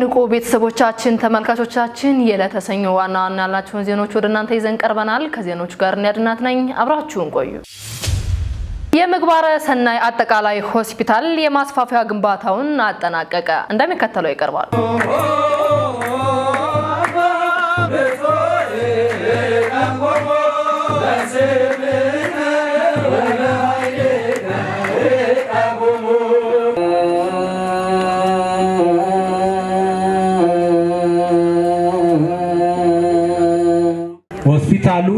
ንቁ ቤተሰቦቻችን ተመልካቾቻችን የዕለተ ሰኞ ዋና ዋና ያላቸውን ዜናዎች ወደ እናንተ ይዘን ቀርበናል። ከዜናዎቹ ጋር እንያድናት ነኝ፣ አብራችሁን ቆዩ። የምግባረ ሰናይ አጠቃላይ ሆስፒታል የማስፋፊያ ግንባታውን አጠናቀቀ፣ እንደሚከተለው ይቀርባል። ሆስፒታሉ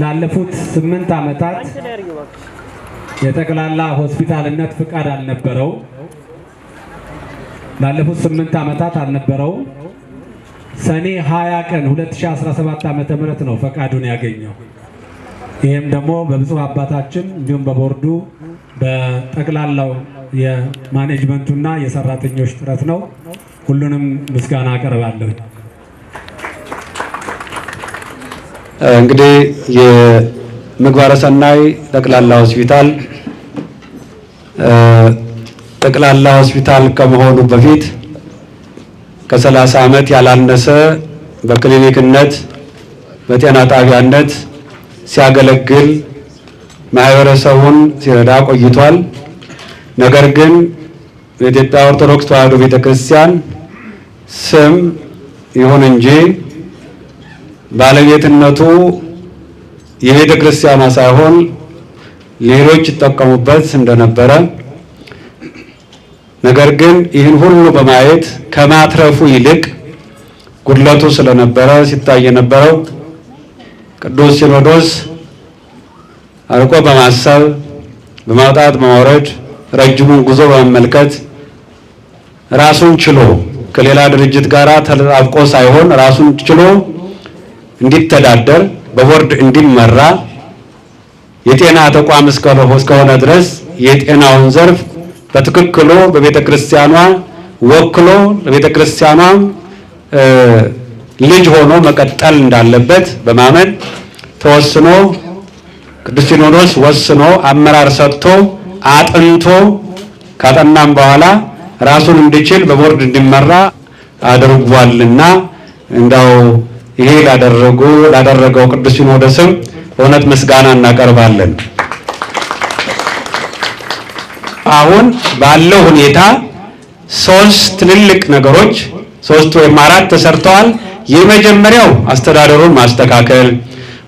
ላለፉት ስምንት ዓመታት የጠቅላላ ሆስፒታልነት ፍቃድ አልነበረው። ላለፉት ስምንት ዓመታት አልነበረው። ሰኔ 20 ቀን 2017 ዓመተ ምህረት ነው ፈቃዱን ያገኘው። ይህም ደግሞ በብፁዕ አባታችን እንዲሁም በቦርዱ በጠቅላላው የማኔጅመንቱና የሰራተኞች ጥረት ነው። ሁሉንም ምስጋና አቀርባለሁ። እንግዲህ የምግባረ ሰናይ ጠቅላላ ሆስፒታል ጠቅላላ ሆስፒታል ከመሆኑ በፊት ከሰላሳ ዓመት ያላነሰ በክሊኒክነት በጤና ጣቢያነት ሲያገለግል ማህበረሰቡን ሲረዳ ቆይቷል። ነገር ግን በኢትዮጵያ ኦርቶዶክስ ተዋሕዶ ቤተክርስቲያን ስም ይሁን እንጂ ባለቤትነቱ የቤተ ክርስቲያኗ ሳይሆን ሌሎች ይጠቀሙበት እንደነበረ ነገር ግን ይህን ሁሉ በማየት ከማትረፉ ይልቅ ጉድለቱ ስለነበረ ሲታይ የነበረው ቅዱስ ሲኖዶስ አርቆ በማሰብ በማውጣት በማውረድ ረጅሙን ጉዞ በመመልከት ራሱን ችሎ ከሌላ ድርጅት ጋር ተጣብቆ ሳይሆን ራሱን ችሎ እንዲተዳደር በቦርድ እንዲመራ የጤና ተቋም እስከሆነ ድረስ የጤናውን ዘርፍ በትክክሉ በቤተ ክርስቲያኗ ወክሎ ለቤተ ክርስቲያኗ ልጅ ሆኖ መቀጠል እንዳለበት በማመን ተወስኖ ቅዱስ ሲኖዶስ ወስኖ አመራር ሰጥቶ አጥንቶ ካጠናም በኋላ ራሱን እንዲችል በቦርድ እንዲመራ አድርጓልና እንዳው ይሄ ላደረጉ ላደረገው ቅዱስ ሲኖዶስም እውነት ምስጋና እናቀርባለን። አሁን ባለው ሁኔታ ሶስት ትልልቅ ነገሮች ሶስት ወይም አራት ተሰርተዋል። የመጀመሪያው አስተዳደሩን ማስተካከል፣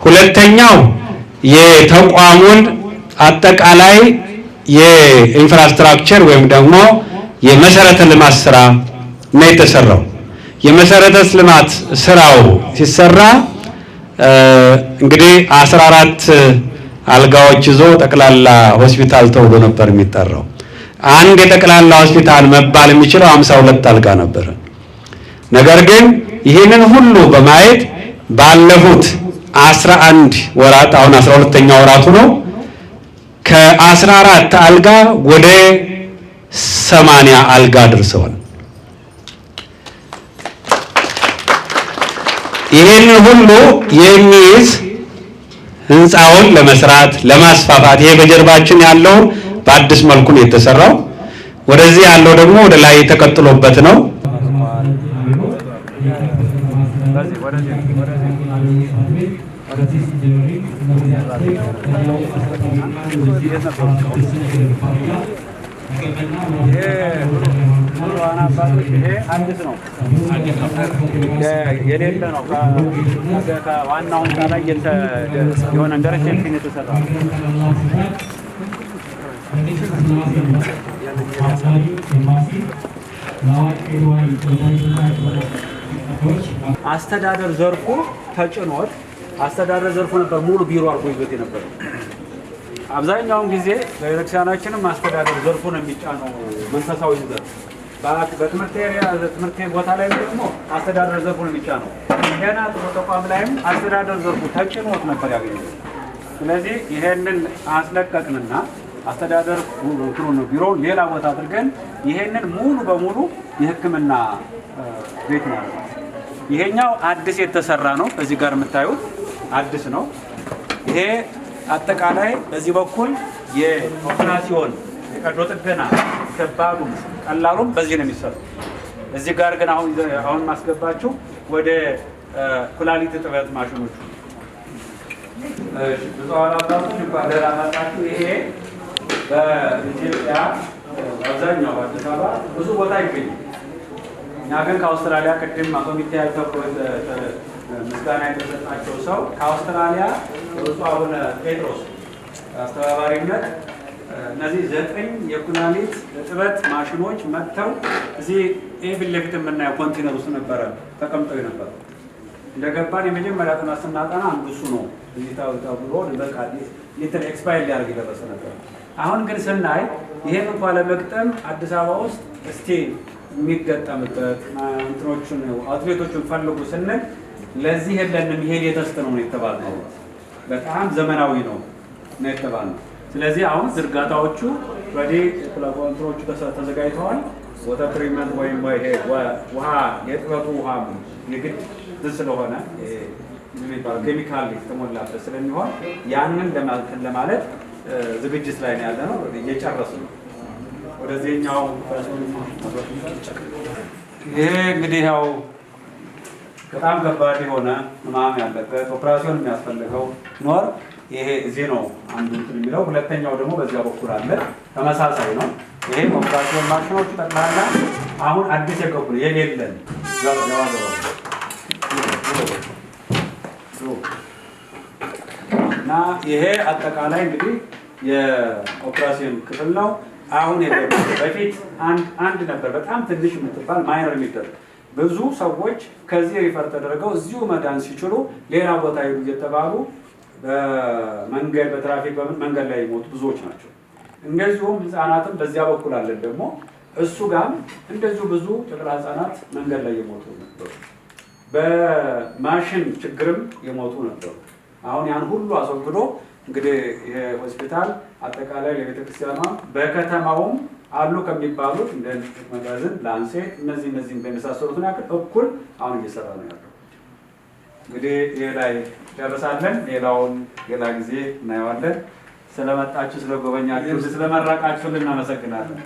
ሁለተኛው የተቋሙን አጠቃላይ የኢንፍራስትራክቸር ወይም ደግሞ የመሰረተ ልማት ስራ ነው የተሰራው። የመሰረተ ልማት ስራው ሲሰራ እንግዲህ 14 አልጋዎች ይዞ ጠቅላላ ሆስፒታል ተብሎ ነበር የሚጠራው። አንድ የጠቅላላ ሆስፒታል መባል የሚችለው 52 አልጋ ነበረ። ነገር ግን ይህንን ሁሉ በማየት ባለፉት 11 ወራት አሁን 12ኛ ወራቱ ነው ከ14 አልጋ ወደ 80 አልጋ ደርሰዋል። ይሄን ሁሉ የሚይዝ ህንፃውን ለመስራት ለማስፋፋት ይሄ በጀርባችን ያለው በአዲስ መልኩ ነው የተሰራው። ወደዚህ ያለው ደግሞ ወደ ላይ ተቀጥሎበት ነው። ብፁዓን አባቶች ይሄ አዲስ ነው፣ የሌለ ነው። ህንፃ ላይ የሆነ አስተዳደር ዘርፉ ተጭኖት አስተዳደር ዘርፉ ነበር ሙሉ ቢሮ አድርጎ ይዞት የነበረ። አብዛኛውን ጊዜ በቤተክርስቲያናችንም አስተዳደር ዘርፉ ነው የሚጫነው መንፈሳዊ ዘርፍ በትምህርት ቦታ ላይም ደግሞ አስተዳደር ዘርፉን ብቻ ነው። ጤና ተቋም ላይም አስተዳደር ዘርፉ ተጭኖት ነበር ያገኘ። ስለዚህ ይሄንን አስለቀቅንና አስተዳደር ቢሮውን ሌላ ቦታ አድርገን ይሄንን ሙሉ በሙሉ የሕክምና ቤት ነው። ይሄኛው አዲስ የተሰራ ነው። እዚህ ጋር የምታዩት አዲስ ነው። ይሄ አጠቃላይ በዚህ በኩል የኦፕራሲዮን የቀዶ ጥገና ከባዱ ቀላሉም በዚህ ነው የሚሰሩ። እዚህ ጋር ግን አሁን አሁን ማስገባችሁ ወደ ኩላሊት እጥበት ማሽኖቹ ብዙሀን አባቶች እንኳን ደህና መጣችሁ። ይሄ በኢትዮጵያ አብዛኛው አዲስ አበባ ብዙ ቦታ ይገኛል። እኛ ግን ከአውስትራሊያ ቅድም አቶ ሚካኤል ምስጋና የተሰጣቸው ሰው ከአውስትራሊያ ብፁዕ አቡነ ጴጥሮስ አስተባባሪነት እነዚህ ዘጠኝ የኩላሊት እጥበት ማሽኖች መጥተው እዚህ ይህ ፊት ለፊት የምናየው ኮንቴነር ውስጥ ነበረ ተቀምጠው የነበረ። እንደገባን የመጀመሪያ ጥናት ስናጠና አንዱ እሱ ነው። ታብሎ በቃ ሊትል ኤክስፓይር ሊያደርግ የደረሰ ነበር። አሁን ግን ስናይ ይህን እንኳ ለመግጠም አዲስ አበባ ውስጥ እስቲ የሚገጠምበት እንትኖቹን አውትሌቶቹን ፈልጉ ስንል ለዚህ የለንም። ይሄ ሌተስት ነው ነው በጣም ዘመናዊ ነው ነው የተባልነው ስለዚህ አሁን ዝርጋታዎቹ ወደ ፕላኮንትሮቹ ተዘጋጅተዋል። ወተር ትሪትመንት ወይም ውሃ የጥበቱ ውሃ የግድ ስለሆነ ኬሚካል የተሞላበት ስለሚሆን ያንን ለማልትን ለማለት ዝግጅት ላይ ነው ያለ ነው። እየጨረሱ ነው። ወደዚህኛው ይሄ እንግዲህ ያው በጣም ከባድ የሆነ ህማም ያለበት ኦፕራሲዮን የሚያስፈልገው ኖር ይሄ እዚህ ነው አንዱ የሚለው። ሁለተኛው ደግሞ በዚያ በኩል አለ፣ ተመሳሳይ ነው። ይሄ ኦፕራሲዮን ማሽኖች ጠቅላላ አሁን አዲስ የገቡ ነው የሌለን እና ይሄ አጠቃላይ እንግዲህ የኦፕራሲዮን ክፍል ነው። አሁን የገቡ በፊት አንድ ነበር፣ በጣም ትንሽ የምትባል ማይነር የሚደረግ ብዙ ሰዎች ከዚህ ሪፈር ተደርገው እዚሁ መዳን ሲችሉ ሌላ ቦታ ሄዱ እየተባሉ በመንገድ በትራፊክ በምን መንገድ ላይ የሞቱ ብዙዎች ናቸው። እንደዚሁም ህፃናትም በዚያ በኩል አለን ደግሞ እሱ ጋም እንደዚሁ ብዙ ጨቅላ ህፃናት መንገድ ላይ የሞቱ ነበሩ። በማሽን ችግርም የሞቱ ነበሩ። አሁን ያን ሁሉ አስወግዶ እንግዲህ የሆስፒታል አጠቃላይ ለቤተክርስቲያኗ በከተማውም አሉ ከሚባሉት እንደ መጋዘን፣ ላንሴት እነዚህ እነዚህ በመሳሰሉትን ያክል እኩል አሁን እየሰራ ነው ያለው። እንግዲህ ይህ ላይ ደረሳለን። ሌላውን ሌላ ጊዜ እናየዋለን። ስለመጣችሁ፣ ስለጎበኛችሁ፣ ስለመረቃችሁ እናመሰግናለን።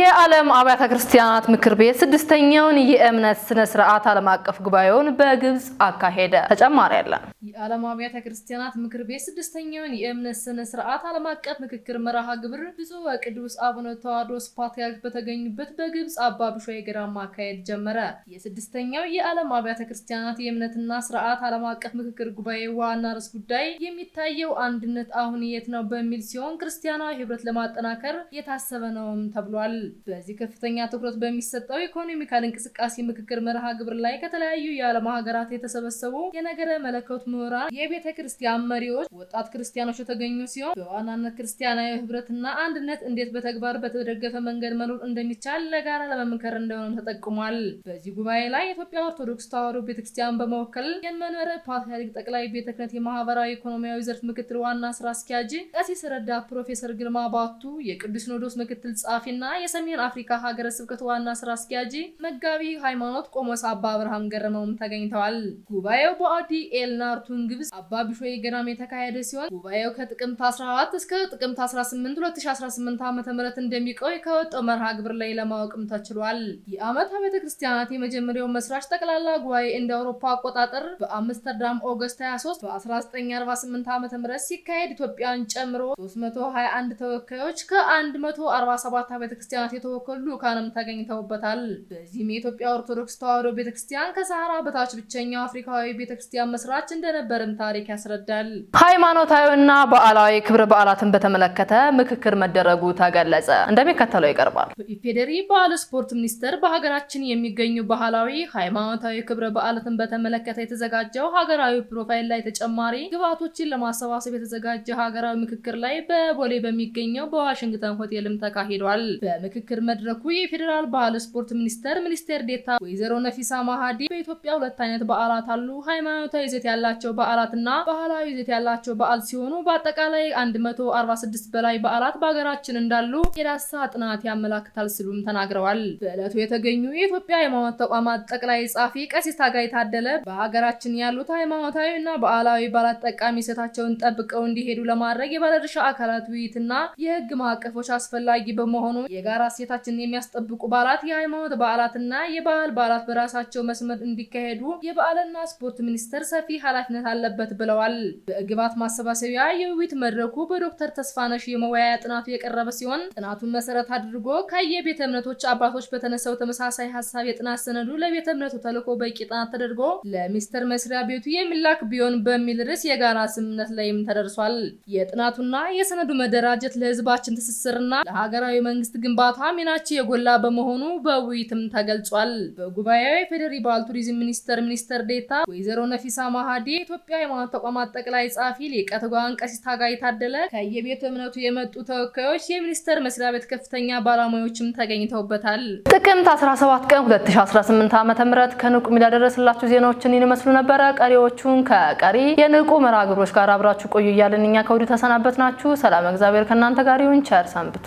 የዓለም አብያተ ክርስቲያናት ምክር ቤት ስድስተኛውን የእምነት ስነ ስርዓት ዓለም አቀፍ ጉባኤውን በግብጽ አካሄደ። ተጨማሪ ያለን የዓለም አብያተ ክርስቲያናት ምክር ቤት ስድስተኛውን የእምነት ስነ ስርዓት ዓለም አቀፍ ምክክር መርሃ ግብር ብፁዕ ወቅዱስ አቡነ ተዋዶስ ፓትርያርክ በተገኙበት በግብጽ አባ ቢሾይ ገዳም ማካሄድ ጀመረ። የስድስተኛው የዓለም አብያተ ክርስቲያናት የእምነትና ስርዓት ዓለም አቀፍ ምክክር ጉባኤ ዋና ርዕስ ጉዳይ የሚታየው አንድነት አሁን የት ነው በሚል ሲሆን ክርስቲያናዊ ህብረት ለማጠናከር የታሰበ ነውም ተብሏል። በዚህ ከፍተኛ ትኩረት በሚሰጠው ኢኮኖሚካል እንቅስቃሴ ምክክር መርሃ ግብር ላይ ከተለያዩ የዓለም ሀገራት የተሰበሰቡ የነገረ መለኮት ምሁራን፣ የቤተ ክርስቲያን መሪዎች፣ ወጣት ክርስቲያኖች የተገኙ ሲሆን በዋናነት ክርስቲያናዊ ህብረትና አንድነት እንዴት በተግባር በተደገፈ መንገድ መኖር እንደሚቻል ለጋራ ለመምከር እንደሆነ ተጠቅሟል። በዚህ ጉባኤ ላይ የኢትዮጵያ ኦርቶዶክስ ተዋሕዶ ቤተክርስቲያን በመወከል የመንበረ ፓትርያርክ ጠቅላይ ቤተ ክህነት የማህበራዊ ኢኮኖሚያዊ ዘርፍ ምክትል ዋና ስራ አስኪያጅ ቀሲስ ረዳ ፕሮፌሰር ግርማ ባቱ፣ የቅዱስ ሲኖዶስ ምክትል ጸሐፊና የሰሜን አፍሪካ ሀገረ ስብከት ዋና ስራ አስኪያጅ መጋቢ ሃይማኖት ቆሞስ አባ አብርሃም ገረመውም ተገኝተዋል። ጉባኤው በአዲ ኤልናርቱን ግብጽ አባ ቢሾይ ገዳም የተካሄደ ሲሆን ጉባኤው ከጥቅምት 14 እስከ ጥቅምት 18 2018 ም እንደሚቆይ ከወጣው መርሃ ግብር ላይ ለማወቅም ተችሏል። የዓመት ቤተ ክርስቲያናት የመጀመሪያው መስራች ጠቅላላ ጉባኤ እንደ አውሮፓ አቆጣጠር በአምስተርዳም ኦገስት 23 በ1948 ዓ.ም ሲካሄድ ኢትዮጵያን ጨምሮ 321 ተወካዮች ከ147 ቤተ ክርስቲያን ክርስቲያናት የተወከሉ ልዑካንም ተገኝተውበታል። በዚህም የኢትዮጵያ ኦርቶዶክስ ተዋሕዶ ቤተክርስቲያን ከሰሃራ በታች ብቸኛው አፍሪካዊ ቤተክርስቲያን መስራች እንደነበርም ታሪክ ያስረዳል። ሃይማኖታዊና በዓላዊ ክብረ በዓላትን በተመለከተ ምክክር መደረጉ ተገለጸ። እንደሚከተለው ይቀርባል። በኢፌደሪ ባህል ስፖርት ሚኒስቴር በሀገራችን የሚገኙ ባህላዊ፣ ሃይማኖታዊ ክብረ በዓላትን በተመለከተ የተዘጋጀው ሀገራዊ ፕሮፋይል ላይ ተጨማሪ ግብዓቶችን ለማሰባሰብ የተዘጋጀ ሀገራዊ ምክክር ላይ በቦሌ በሚገኘው በዋሽንግተን ሆቴልም ተካሂዷል። በምክክር መድረኩ የፌዴራል ባህል ስፖርት ሚኒስቴር ሚኒስቴር ዴታ ወይዘሮ ነፊሳ ማሃዲ በኢትዮጵያ ሁለት አይነት በዓላት አሉ። ሃይማኖታዊ ይዘት ያላቸው በዓላትና ባህላዊ ይዘት ያላቸው በዓል ሲሆኑ በአጠቃላይ 146 በላይ በዓላት በሀገራችን እንዳሉ የዳሳ ጥናት ያመላክታል ሲሉም ተናግረዋል። በዕለቱ የተገኙ የኢትዮጵያ ሃይማኖት ተቋማት ጠቅላይ ጻፊ ቀሲስ ታጋይ ታደለ በሀገራችን ያሉት ሃይማኖታዊ እና በዓላዊ በዓላት ጠቃሚ ይዘታቸውን ጠብቀው እንዲሄዱ ለማድረግ የባለድርሻ አካላት ውይይትና የህግ ማዕቀፎች አስፈላጊ በመሆኑ የጋራ የጋራ እሴታችንን የሚያስጠብቁ በዓላት፣ የሃይማኖት በዓላትና የባህል በዓላት በራሳቸው መስመር እንዲካሄዱ የበዓልና ስፖርት ሚኒስቴር ሰፊ ኃላፊነት አለበት ብለዋል። በግብዓት ማሰባሰቢያ የውይይት መድረኩ በዶክተር ተስፋነሽ የመወያያ ጥናቱ የቀረበ ሲሆን ጥናቱን መሰረት አድርጎ ከየቤተ እምነቶች አባቶች በተነሳው ተመሳሳይ ሀሳብ የጥናት ሰነዱ ለቤተ እምነቱ ተልኮ በቂ ጥናት ተደርጎ ለሚኒስቴር መስሪያ ቤቱ የሚላክ ቢሆን በሚል ርዕስ የጋራ ስምምነት ላይም ተደርሷል። የጥናቱና የሰነዱ መደራጀት ለህዝባችን ትስስርና ለሀገራዊ መንግስት ግንባ ግንባታ ሚናቸው የጎላ በመሆኑ በውይይትም ተገልጿል። በጉባኤው የፌዴሪ ባህል ቱሪዝም ሚኒስቴር ሚኒስትር ዴታ ወይዘሮ ነፊሳ ማሃዲ፣ የኢትዮጵያ ሃይማኖት ተቋማት ጠቅላይ ጸሐፊ ሊቀ ትጉሃን ቀሲስ ታጋይ ታደለ፣ ከየቤተ እምነቱ የመጡ ተወካዮች፣ የሚኒስቴር መስሪያ ቤት ከፍተኛ ባለሙያዎችም ተገኝተውበታል። ጥቅምት 17 ቀን 2018 ዓ.ም ከንቁ ሚዲያ ደረስላችሁ ዜናዎችን ይመስሉ ነበረ። ቀሪዎቹን ከቀሪ የንቁ መርሃ ግብሮች ጋር አብራችሁ ቆዩ እያልን እኛ ከወዲሁ ተሰናበት ናችሁ። ሰላም እግዚአብሔር ከእናንተ ጋር ይሁን። ቸር ሰንብቱ።